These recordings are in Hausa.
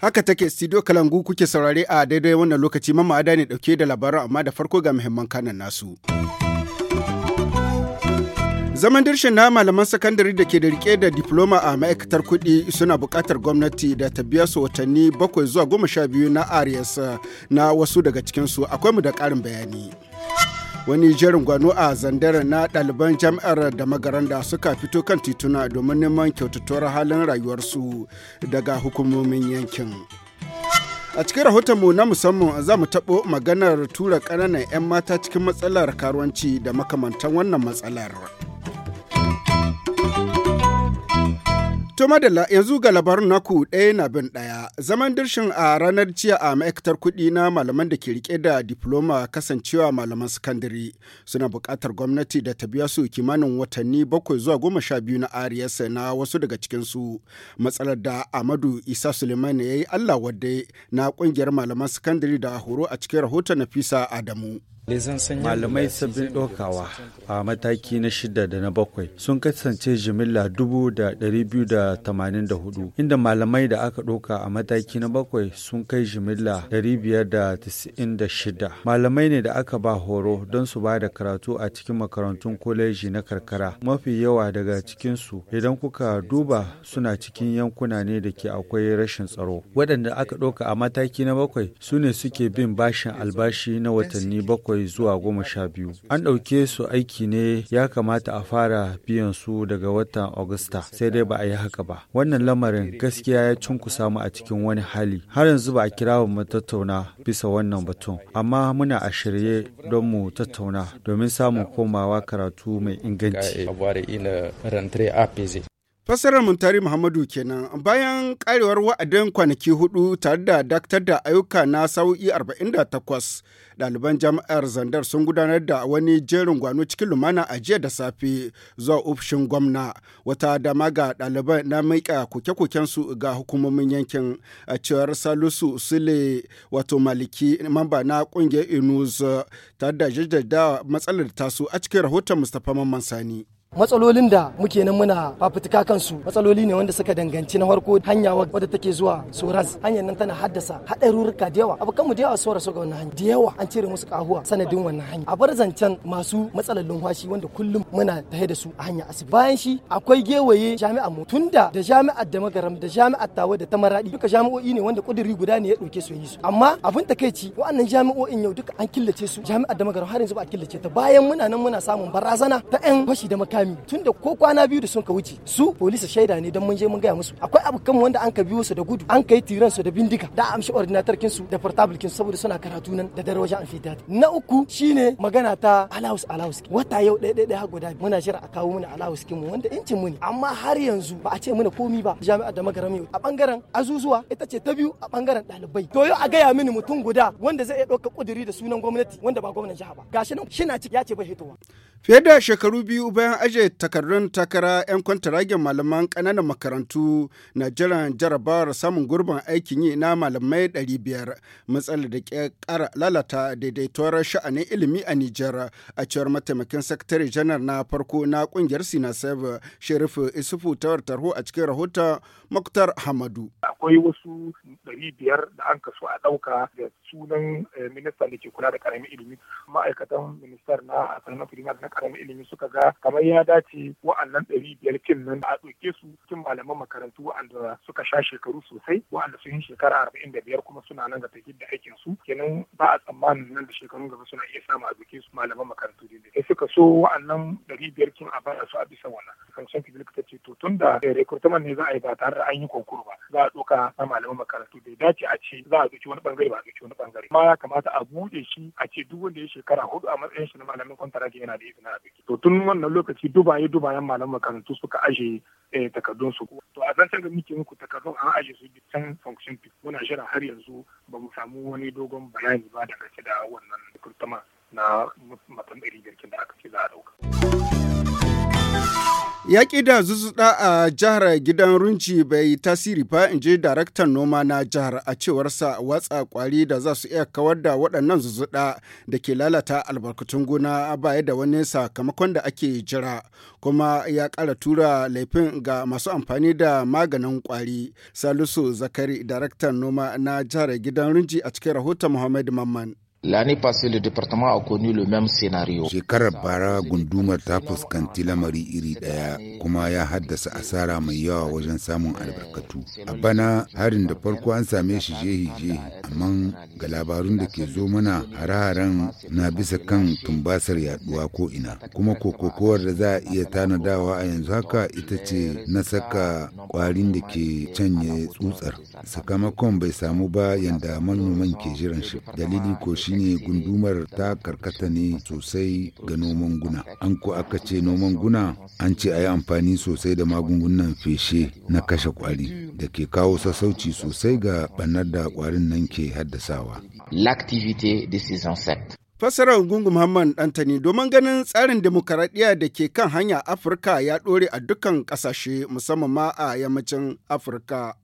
Haka take studio Kalangu kuke saurare a daidai wannan lokaci mamma ada ne dauke da labaran amma da farko ga muhimman kanan nasu. Zaman dirshin na malaman sakandare da ke da rike da diploma a ma'aikatar kuɗi suna buƙatar gwamnati da ta biya su watanni bakwai zuwa goma sha biyu na arias na wasu daga cikinsu akwai mu da ƙarin bayani. wani jerin gwano a zandara na ɗaliban jam'ar da magaranda suka fito kan tituna domin neman kyautatuwar halin rayuwarsu daga hukumomin yankin a cikin rahotonmu na musamman za mu taɓo maganar tura ƙananan 'yan mata cikin matsalar karuwanci da makamantan wannan matsalar. To madalla yanzu ga labarin naku ɗaya na bin ɗaya zaman dirshin a ranar jiya a ma'aikatar kuɗi na malaman da ke rike da diploma kasancewa malaman sakandare suna buƙatar gwamnati da ta biya su kimanin watanni bakwai zuwa goma sha biyu na ariyarsa na wasu daga cikinsu matsalar da Amadu Isa Suleiman ya yi Allah wadde na ƙungiyar malaman sakandare da horo a cikin rahoton Nafisa Adamu. Malamai sabbin ɗaukawa a mataki na shida da na bakwai sun kasance jimilla dubu da ɗari biyu da tamanin da hudu, inda malamai da aka ɗauka a mataki na bakwai sun kai jimilla ɗari biyar da da shida. Malamai ne da aka ba horo don su ba da karatu a cikin makarantun koleji na karkara. Mafi yawa daga cikinsu idan kuka duba suna cikin yankuna ne da ke akwai rashin tsaro. Waɗanda aka ɗauka a mataki na bakwai su ne suke bin bashin albashi na watanni bakwai bakwai zuwa goma sha biyu. An ɗauke su aiki ne ya kamata a fara biyan su daga watan Agusta sai dai ba a yi haka ba. Wannan lamarin gaskiya ya cunkusa mu a cikin wani hali. Har yanzu ba a kira mu tattauna bisa wannan batun. Amma muna a shirye don mu tattauna domin samun komawa karatu mai inganci. Fassarar Muntari Muhammadu kenan bayan karewar wa'adin kwanaki hudu tare da daktar da ayyuka na sau'i 48 ɗaliban jami'ar Zandar sun gudanar da wani jerin gwano cikin lumana a jiya da safe zuwa ofishin gwamna wata dama ga ɗaliban na maika koke-kokensu ga hukumomin yankin a cewar Salisu Sule wato Maliki mamba na ƙungiyar Inus tare da jaddada matsalar tasu a cikin rahoton Mustapha Mamman Sani. matsalolin da muke nan muna fafutuka kansu matsaloli ne wanda suka danganci na farko hanya wadda take zuwa soras hanyar nan tana haddasa haɗarurruka da yawa abokanmu da yawa su rasu ga wannan hanya da yawa an cire musu kahuwa sanadin wannan hanya a bar zancen masu matsalolin washi wanda kullum muna tahe da su a hanya asibiti bayan shi akwai gewaye jami'a mu tunda da jami'ar da magaram da jami'ar tawa da ta maradi duka jami'o'i ne wanda kuduri guda ne ya ɗauke su yi su amma abin takeici wa'annan jami'o'in yau duka an killace su jami'ar da magaram har yanzu ba a killace ta bayan muna nan muna samun barazana ta 'yan fashi da kami tunda ko kwana biyu da sun ka wuce su polisa shaida ne don mun je mun gaya musu akwai abokan wanda an ka biyo su da gudu an kai tiran su da bindiga da amshi ordinator kin su da portable kin saboda suna karatu nan da dare wajen amfitati na uku shine magana ta allowance allowance wata yau ɗaya ɗaya guda muna jira a kawo mana allowance kin mu wanda incin mu ne amma har yanzu ba a ce mana komi ba jami'ar da magaram yau a bangaren azuzuwa ita ce ta biyu a bangaren ɗalibai to yau a gaya mini mutum guda wanda zai iya ɗauka kuduri da sunan gwamnati wanda ba gwamnan jiha ba gashi nan shi na ciki ya ce bai hitowa fiye da shekaru biyu bayan aje takardun takara 'yan kwantaragen malaman kananan makarantu na jiran jarabawar samun gurbin aikin yi na malamai 500 matsalar da ke ƙara lalata daidaituwar sha'anin ilimi a Nijar a cewar mataimakin sakatare janar na farko na ƙungiyar Sinasef sherifu Isufu Tawar Tarho a cikin rahoton Muktar Hamadu. Akwai wasu 500 da an so a ɗauka da sunan eh, ministan da ke kula da ƙaramin ilimi ma'aikatan ministar na a na karamin ilimi suka ga kamar ya dace wa'annan ɗari biyar kin nan a ɗauke su cikin malaman makarantu wa'anda suka sha shekaru sosai wa'anda sun yi shekara arba'in da biyar kuma suna nan ga tafiyar da aikin su kenan ba a tsammanin nan da shekarun gaba suna iya samu a ɗauke su malaman makarantu sai suka so wa'annan ɗari biyar kin a bayar su a bisa wannan sanction civic ta ce to tun da eh, recruitment ne za a yi ba tare da an yi konkuru ba za a ɗauka na malaman makarantu dace a ce za a zuci wani bangare ba a zuci wani bangare ma ya kamata a buɗe shi a ce duk wanda ya shekara hudu a matsayin shi na malamin kwantaragi yana da izinin a duki to tun wannan lokaci dubaye dubayen malaman makarantu suka aje eh, takardun su to a zancen canza muke muku takardun an aje su can function fit muna shira har yanzu ba mu samu wani dogon bayani ba daga da wannan kurtama na matan ɗari da aka ce za a ɗauka. Yaƙi da zuzuɗa a jihar gidan Runci bai tasiri ba in je daraktan noma na jihar a cewarsa watsa ƙwari da za su iya kawar da waɗannan zuzuɗa da ke lalata albarkatun gona baya da wani sakamakon da ake jira kuma ya ƙara tura laifin ga masu amfani da maganin ƙwari. Salisu Zakari daraktan noma na jihar gidan Runci a cikin rahoton Muhammad Mamman. L'année passée, le département a connu le même scénario. Shekarar bara gundumar ta fuskanci lamari iri ɗaya kuma ya haddasa asara mai yawa wajen samun albarkatu. A bana harin da farko an same shi jehi-jehi, amma ga labarun da ke zo mana hare-haren na bisa kan tumbasar yaduwa ko ina. Kuma kokokowar da za a iya tanadawa a yanzu haka ita ce na saka kwarin da ke canye tsutsar. Sakamakon bai samu ba yanda manoman ke jiran shi. Dalili ko shi shine gundumar ta karkata ne sosai ga noman guna an ko aka ce noman guna an ce a yi amfani sosai da magungunan feshe na kashe kwari da ke kawo sassauci sosai ga ɓannar da kwarin nan ke haddasawa Fasarar Gungu Muhammad Dantani domin ganin tsarin demokaradiyya da ke kan hanya Afirka ya ɗore a dukkan kasashe musamman ma a yammacin Afirka.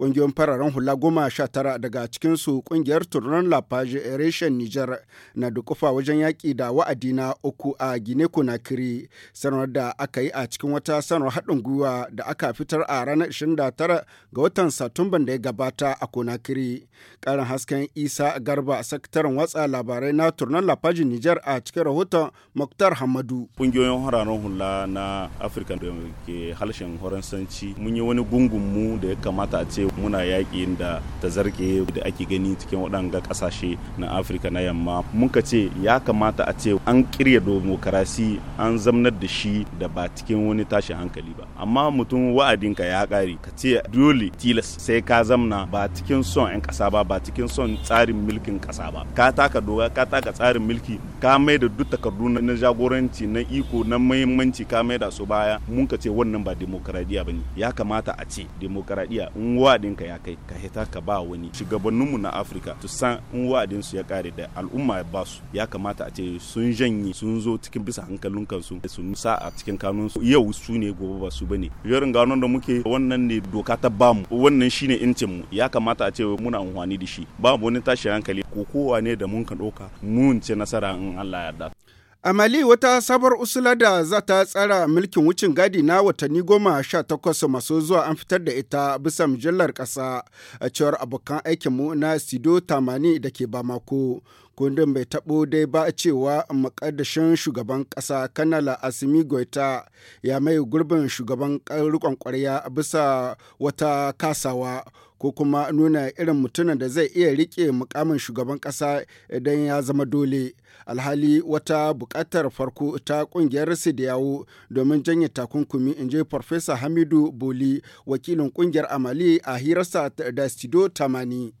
kungiyoyin fararen hula goma sha tara daga cikinsu ƙungiyar Turan Lafaje Reshen Nijar na dukufa wajen yaƙi da wa'adi na uku a Gine kunakiri sanar da aka yi a cikin wata sanar haɗin gwiwa da aka fitar a ranar 29 ga watan Satumban da ya gabata a kunakiri Ƙarin hasken Isa Garba sakataren watsa labarai na Turan Lafaje Nijar a cikin rahoton Muktar Hamadu. kungiyoyin fararen hula na Afirka da ke halshen Faransanci mun yi wani gungun mu da ya kamata a ce muna yaƙi da ta zarge da ake gani cikin waɗanga ƙasashe na afirka na yamma muka ce ya kamata a ce an kirya demokarasi an zamnar da shi da ba cikin wani tashin hankali ba amma mutum wa'adinka ya ƙare ka ce dole tilas sai ka zamna ba cikin son 'yan ƙasa ba ba cikin son tsarin mulkin ƙasa ba ka taka doga ka taka tsarin mulki ka mai da duk takardu na jagoranci na iko na muhimmanci ka mai da su baya mun ka ce wannan ba demokaradiya ba ne ya kamata a ce demokaradiya in wa wa'adinka ya kai ka heta ka ba wani shugabanninmu na afirka su san in wa'adin su ya kare da al'umma ya ba su ya kamata a ce sun janye sun zo cikin bisa hankalin kansu su sa a cikin kanun su yau su ne gobe ba su bane yarin ganon da muke wannan ne doka ta bamu wannan shine incin mu ya kamata a ce muna amfani da shi babu wani tashi hankali ko kowa ne da mun ka doka mun ce nasara in Allah ya yarda A Mali wata sabar usula da za ta tsara mulkin wucin gadi na watanni goma sha takwas masu zuwa an fitar da ita bisa mujallar ƙasa a cewar abokan aikinmu na Sido Tamani da ke Bamako. Kundin bai taɓo dai ba cewa makadashin shugaban ƙasa Kanala Asimi Goita ya mai gurbin shugaban rikon ƙwarya bisa wata kasawa ko kuma nuna irin mutumin da zai iya riƙe mukamin shugaban ƙasa idan ya zama dole. Alhali wata buƙatar farko ta ƙungiyar yawo domin janye takunkumi in je Farfesa Hamidu Boli wakilin ƙungiyar Amali a hirarsa da Studio Tamani.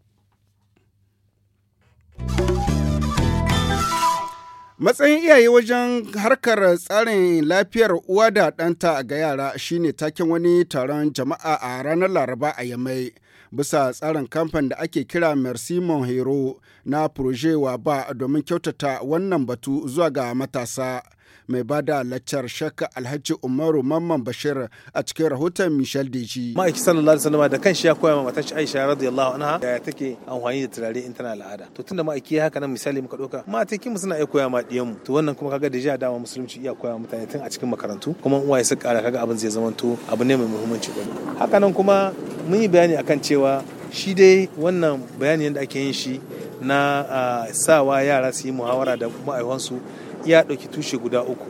Matsayin iyaye wajen harkar tsarin lafiyar uwa da ɗanta ga yara shine taken wani taron jama'a a ranar Laraba a Yamai. bisa tsarin kamfan da ake kira Merci Mon Hero na Proje ba domin kyautata wannan batu zuwa ga matasa. mai ba da laccar shakka alhaji umaru mamman bashir a cikin rahoton michel deji ma'aiki sallallahu alaihi wasallam da kanshi ya koya ma matar aisha radiyallahu anha da take amfani da turare in tana al'ada to tunda ma'aiki ya haka nan misali muka dauka mata kin suna iya koya ma to wannan kuma kaga a dama musulunci iya koya mutane tun a cikin makarantu kuma uwaye su kara kaga abin zai zamanto abu ne mai muhimmanci haka nan kuma mun yi bayani akan cewa shi dai wannan bayani da ake yin shi na sawa yara su yi muhawara da ma'aikansu ya ɗauki tushe guda uku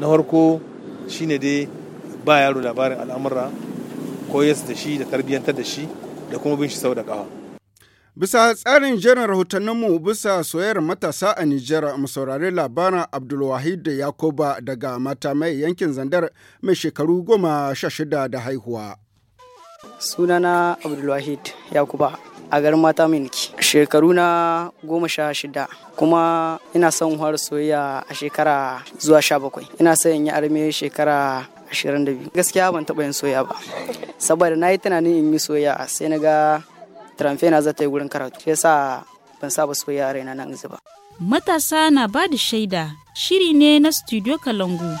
na farko shine dai ba yaro labarin al'amura koyarsa da shi da tarbiyyantar da shi da kuma bin shi sau da ƙawa Bisa tsarin jerin rahotanninmu bisa soyayyar matasa a Nijar mu saurari labarin da Yakuba daga mata mai yankin Zandar mai shekaru goma sha shida da haihuwa. Sunana Abdulwahid Yakuba a garin mata minki. Shekaru na goma sha shida kuma ina son har soyayya a shekara zuwa sha bakwai. Ina son in yi arme shekara ashirin da biyu. Gaskiya ban taɓa yin soyayya ba. Saboda na yi tunanin in yi soyayya sai na ga tramfena zata zata yi wurin karatu. Shi yasa ban saba soyayya a raina nan ba. Matasa na ba da shaida shiri ne na Studio Kalangu.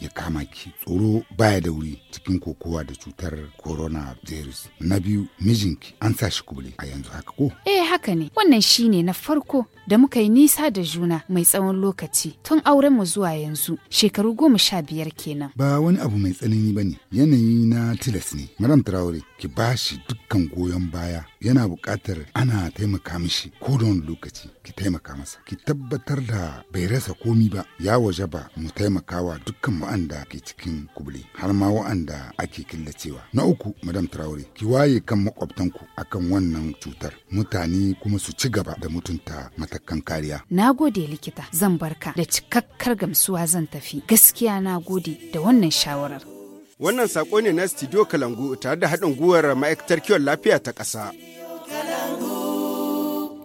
ya kama ki tsoro baya da wuri cikin kokowa da cutar coronavirus na biyu mijinki an sa shi kubule a yanzu haka ko eh haka ne wannan shine na farko da muka yi nisa da juna mai tsawon lokaci tun auren mu zuwa yanzu shekaru goma sha biyar kenan ba wani abu mai tsanani bane yanayi na tilas ne madam traore ki ba shi dukkan goyon baya yana buƙatar ana taimaka mishi ko da wani lokaci ki taimaka masa ki tabbatar da bai rasa komi ba ya waje ba mu taimakawa dukkan wa'anda ke cikin kubule har ma wa'anda ake killacewa na uku madam traore ki waye kan makwabtanku akan wannan cutar mutane kuma su ci gaba da mutunta matakan kariya na gode likita zan barka da cikakkar gamsuwa zan tafi gaskiya na gode da wannan shawarar Wannan sako ne na Studio Kalangu tare da haɗin gwiwar ma'aikatar kiwon lafiya ta ƙasa.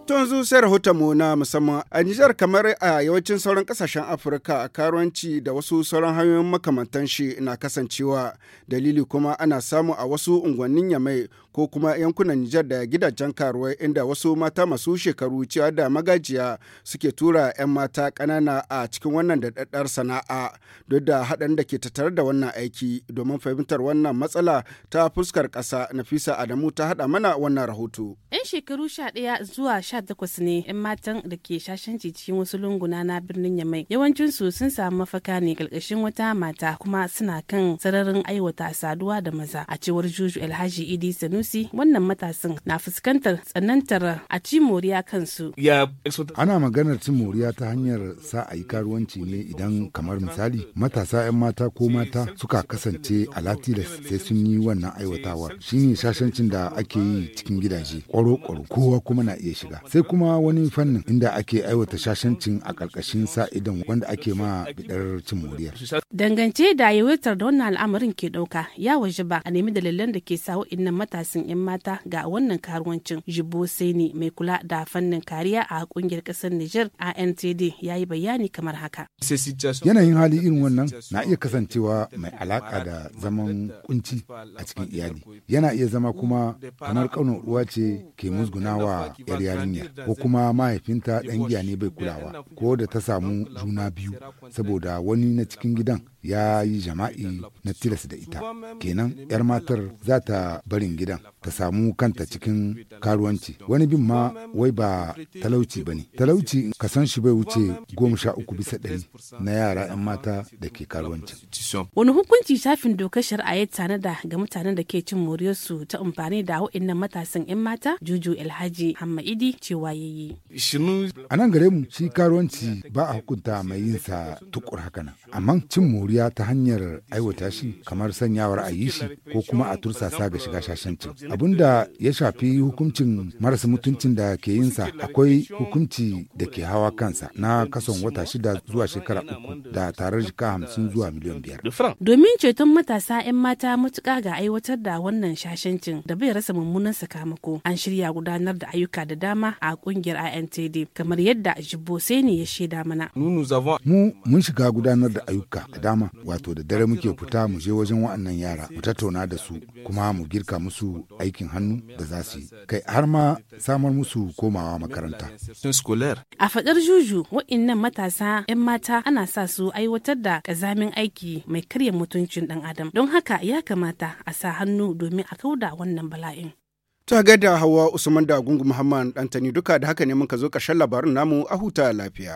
Tun yanzu sai mu na musamman a Nijar kamar a yawancin sauran kasashen Afirka a karuwanci da wasu sauran hanyoyin makamantan shi na kasancewa dalili kuma ana samu a wasu unguwannin yamai ko kuma yankunan Nijar da gidajen karuwai inda wasu mata masu shekaru cewa da magajiya suke tura 'yan mata ƙanana a cikin wannan daɗaɗɗar sana'a duk da haɗin da ke tattare da wannan aiki domin fahimtar wannan matsala ta fuskar ƙasa Nafisa Adamu ta haɗa mana wannan rahoto. 'Yan shekaru sha ɗaya zuwa sha takwas ne 'yan matan da ke shashen cikin wasu lunguna na birnin Yamai yawancinsu sun samu mafaka ne ƙarƙashin wata mata kuma suna kan sararin aiwata saduwa da maza a cewar Juju Alhaji Idi Sanusi sanusi wannan matasan na fuskantar tsanantar a ci moriya kansu ana maganar cin moriya ta hanyar sa a yi karuwanci ne idan kamar misali matasa 'yan mata ko mata suka kasance a latilas sai sun yi wannan aiwatawar shi ne shashancin da ake yi cikin gidaje kwaro-kwaro kowa kuma na iya shiga sai kuma wani fannin inda ake aiwata shashancin a karkashin sa idan wanda ake ma bidar cin moriya dangance da yawaitar da wannan al'amarin ke ɗauka ya waje ba a nemi dalilan da ke sa waɗannan matasan asusun 'yan mata ga wannan karuwancin jibo seni mai kula da fannin kariya a kungiyar kasar niger antd ya yi bayani kamar haka yanayin hali irin wannan na iya kasancewa mai alaƙa da zaman kunci a cikin iyali yana iya zama kuma kamar kaunar uwa ce ke musgunawa yar yarinya ko kuma mahaifinta dan giya ne bai kulawa ko da ta samu juna biyu saboda wani na cikin gidan ya yi jama'i na tilas da ita kenan 'yar matar za ta barin gidan ta samu kanta cikin karuwanci wani bin ma wai ba talauci ba ne talauci ka san shi bai wuce goma sha uku bisa ɗari na yara 'yan mata da ke karuwanci wani hukunci shafin dokar shari'a ya tanada ga mutanen da ke cin moriyarsu ta amfani da wa'innan matasan 'yan mata juju alhaji hammaidi cewa ya yi a nan gare mu shi karuwanci ba a hukunta mai yinsa tukur haka nan amma cin moriya ya ta hanyar aiwata shi kamar sanyawar a yi shi ko kuma a tursasa ga shiga shashancin abin da ya shafi hukuncin marasa mutuncin da ke yinsa akwai hukunci da ke hawa kansa na kason wata shida zuwa shekara uku da tarar jika hamsin zuwa miliyan biyar domin ceton matasa 'yan mata matuƙa ga aiwatar da wannan shashancin da bai rasa mummunan sakamako an shirya gudanar da ayyuka da dama a kungiyar intd kamar yadda jibbo ya shaida mana mu mun shiga gudanar da ayyuka da dama dama wato da dare muke fita mu je wajen wa'annan yara mu tattauna da su kuma mu girka musu aikin hannu da za su yi kai har ma samar musu komawa makaranta. A faɗar juju waɗannan matasa 'yan mata ana sa su aiwatar da ƙazamin aiki mai karya mutuncin ɗan adam don haka ya kamata a sa hannu domin a kauda wannan bala'in. Ta gaida Hawa Usman da Gungu Muhammad Dantani duka da haka ne muka zo karshen labarin namu a huta lafiya.